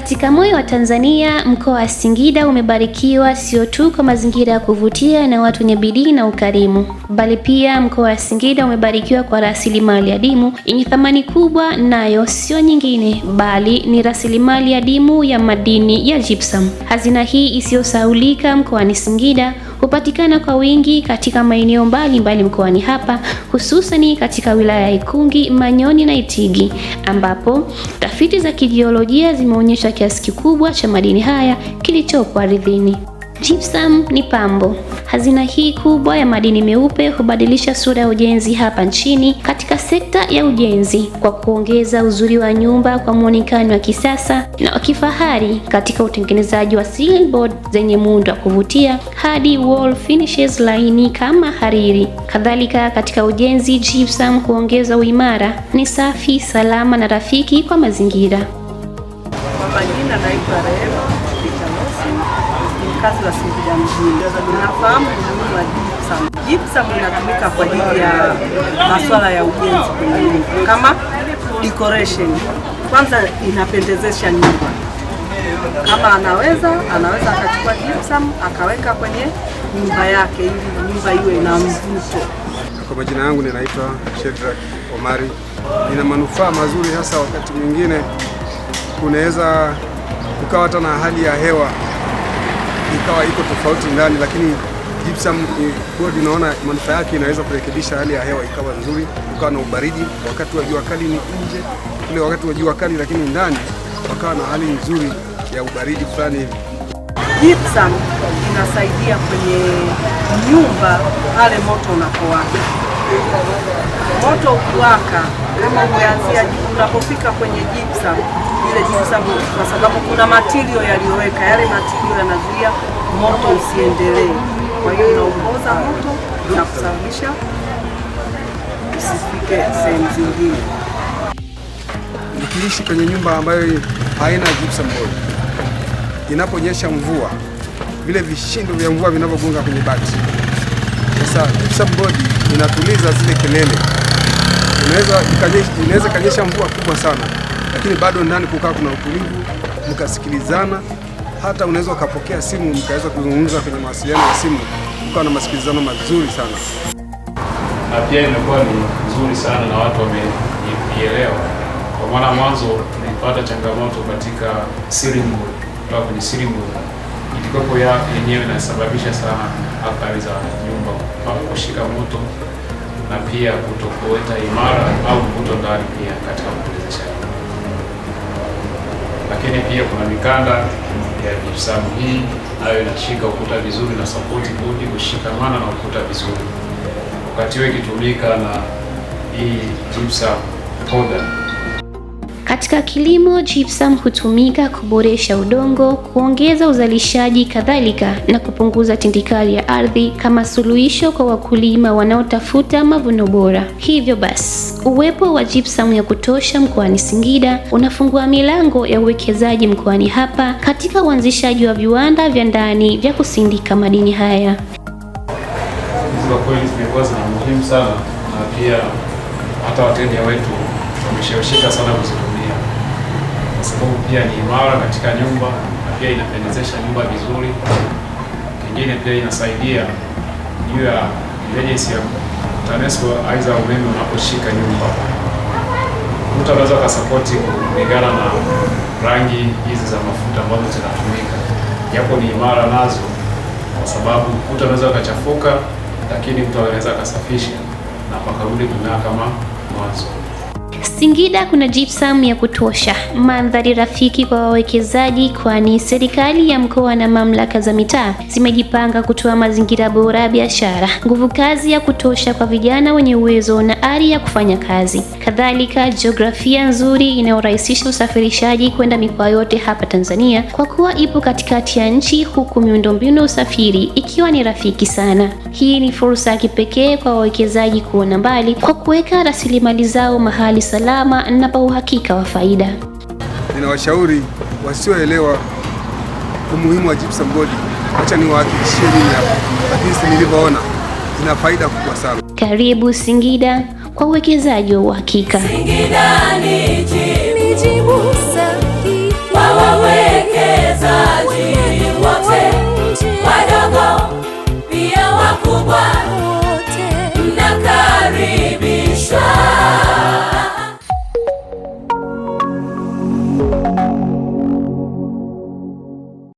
Katika moyo wa Tanzania, mkoa wa Singida umebarikiwa sio tu kwa mazingira ya kuvutia na watu wenye bidii na ukarimu, bali pia mkoa wa Singida umebarikiwa kwa rasilimali adimu yenye thamani kubwa, nayo sio nyingine bali ni rasilimali adimu ya madini ya gypsum. Hazina hii isiyosahaulika mkoani Singida hupatikana kwa wingi katika maeneo mbalimbali mkoani hapa, hususani katika wilaya ya Ikungi, Manyoni na Itigi, ambapo tafiti za kijiolojia zimeonyesha kutunza kiasi kikubwa cha madini haya kilichopo ardhini. Gypsum ni pambo. Hazina hii kubwa ya madini meupe hubadilisha sura ya ujenzi hapa nchini katika sekta ya ujenzi kwa kuongeza uzuri wa nyumba kwa muonekano wa kisasa na wa kifahari katika utengenezaji wa ceiling board zenye muundo wa kuvutia hadi wall finishes laini kama hariri. Kadhalika, katika ujenzi, gypsum huongeza uimara, ni safi, salama na rafiki kwa mazingira. Majina naitwa Rehema Kitamosi, mkazi wa Singida mjini. Nafahamu umuhimu wa gypsum. Gypsum inatumika kwa ajili ya masuala ya ujenzi kwenye nyumba kama decoration. Kwanza inapendezesha nyumba, kama anaweza anaweza akachukua gypsum akaweka kwenye nyumba yake ili nyumba iwe na mvuto. Kwa majina yangu ninaitwa Shedrack Omari. Ina manufaa mazuri, hasa wakati mwingine kunaweza kukawa hata na hali ya hewa ikawa iko tofauti ndani, lakini gypsum eh, board inaona manufaa yake, inaweza kurekebisha hali ya hewa ikawa nzuri, kukawa na ubaridi. Wakati wa jua kali ni nje kule, wakati wa jua kali lakini ndani wakawa na hali nzuri ya ubaridi fulani hivi. Gypsum inasaidia kwenye nyumba pale moto unapowaka, moto ukiwaka kama umeanzia unapofika kwenye gypsum, ile gypsum, kwa sababu kuna matirio yaliyoweka, yale matirio yanazuia moto usiendelee, kwa hiyo inaongoza moto na kusababisha usifike sehemu zingine. Nikiishi kwenye nyumba ambayo haina gypsum board, inaponyesha mvua, vile vishindo vya mvua vinavyogonga kwenye bati, sasa gypsum board inatuliza zile kelele inaweza ikanyesha mvua kubwa sana, lakini bado ndani kukaa kuna utulivu, mkasikilizana. Hata unaweza ukapokea simu mkaweza kuzungumza kwenye mawasiliano ya simu, ukawa na masikilizano mazuri sana. Pia imekuwa ni nzuri sana na watu wameielewa, kwa maana mwanzo nilipata changamoto katika siringo kutoka kwenye siringo ilikuwepo ya yenyewe inasababisha sana athari za nyumba kushika moto na pia kutokuweta imara au mvuto ndani pia katika uendezeshaji. Lakini pia kuna mikanda ya jipsamu hii nayo inashika ukuta vizuri na sapoti bodi kushikamana na ukuta vizuri, wakati huo ikitumika na hii jipsamu poda katika kilimo, gypsum hutumika kuboresha udongo, kuongeza uzalishaji kadhalika na kupunguza tindikali ya ardhi kama suluhisho kwa wakulima wanaotafuta mavuno bora. Hivyo basi, uwepo wa gypsum ya kutosha mkoani Singida unafungua milango ya uwekezaji mkoani hapa katika uanzishaji wa viwanda vya ndani vya kusindika madini haya. muhimu sana na pia hata wateja wetu wameshawishika sana kuzia sababu pia ni imara katika nyumba na pia inapendezesha nyumba vizuri. Kingine pia inasaidia juu ya emergency ya TANESCO, aidha umeme unaposhika nyumba, mtu anaweza akasapoti kulingana na rangi hizi za mafuta ambazo zinatumika, japo ni imara nazo, kwa sababu mtu anaweza akachafuka, lakini mtu anaweza akasafisha na pakarudi kung'aa kama mwanzo. Singida kuna gypsum ya kutosha, mandhari rafiki kwa wawekezaji, kwani serikali ya mkoa na mamlaka za mitaa zimejipanga kutoa mazingira bora ya biashara, nguvu kazi ya kutosha kwa vijana wenye uwezo na ari ya kufanya kazi, kadhalika jiografia nzuri inayorahisisha usafirishaji kwenda mikoa yote hapa Tanzania kwa kuwa ipo katikati ya nchi, huku miundombinu ya usafiri ikiwa ni rafiki sana. Hii ni fursa ya kipekee kwa wawekezaji kuona mbali kwa kuweka rasilimali zao mahali salama na pa uhakika wa faida. Ninawashauri wasioelewa umuhimu wa gypsum board, acha niwahakikishie mimi hapa, lakini nilivyoona ina faida kubwa sana. Karibu Singida kwa uwekezaji wa uhakika. Singida ni